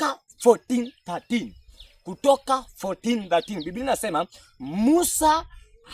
Kutoka 14:13. Kutoka 14:13. Biblia inasema Musa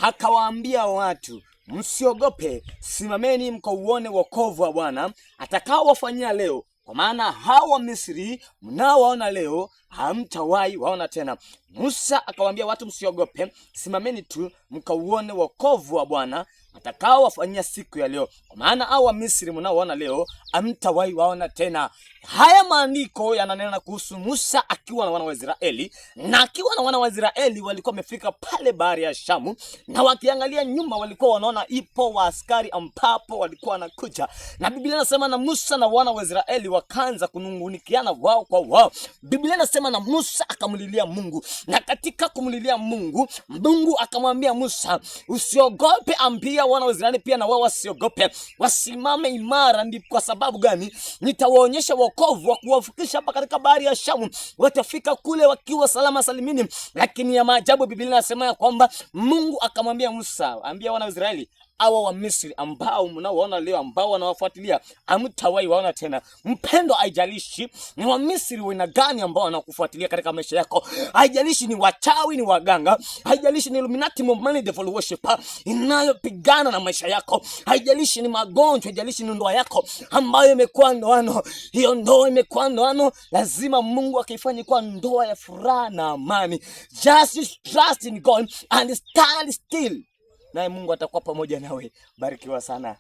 akawaambia watu msiogope, simameni mkauone wokovu wa Bwana atakaowafanyia leo, kwa maana hao wa Misri mnaowaona leo hamtawahi waona tena. Musa akawaambia watu, msiogope, simameni tu mkauone wokovu wa Bwana atakao wafanyia siku ya leo, kwa maana hao wa Misri mnaowaona leo hamtawahi waona tena. Haya maandiko yananena kuhusu Musa akiwa na wana wa Israeli, na akiwa na wana wa Israeli walikuwa wamefika pale bahari ya Shamu, na wakiangalia nyuma walikuwa wanaona ipo waaskari ambapo walikuwa wanakuja, na Biblia inasema na Musa na wana wa Israeli wakaanza kunungunikiana wao kwa wao. Biblia inasema na Musa akamlilia Mungu, na katika kumlilia Mungu, Mungu akamwambia Musa, usiogope, ambia wana wa Israeli pia na wao wasiogope, wasimame imara. Ndi kwa sababu gani? Nitawaonyesha wokovu wa kuwafikisha hapa katika bahari ya Shamu, watafika kule wakiwa salama salimini. Lakini ya maajabu, Biblia inasema ya kwamba Mungu akamwambia Musa, ambia wana wa Israeli hawa wa Misri ambao mnaoona leo, ambao wanawafuatilia, amtawai waona tena. Mpendo, haijalishi ni wa Misri wina gani ambao wanakufuatilia katika maisha yako, haijalishi ni wachawi, ni waganga, haijalishi ni Illuminati mumani Devil worshipa inayopigana na maisha yako, haijalishi ni magonjwa, haijalishi ni ndoa yako ambayo imekuwa ndoano, hiyo ndoa imekuwa ndoano, lazima Mungu akifanyi kuwa ndoa ya furaha na amani. Just trust in God and stand still naye Mungu atakuwa pamoja nawe. Barikiwa sana.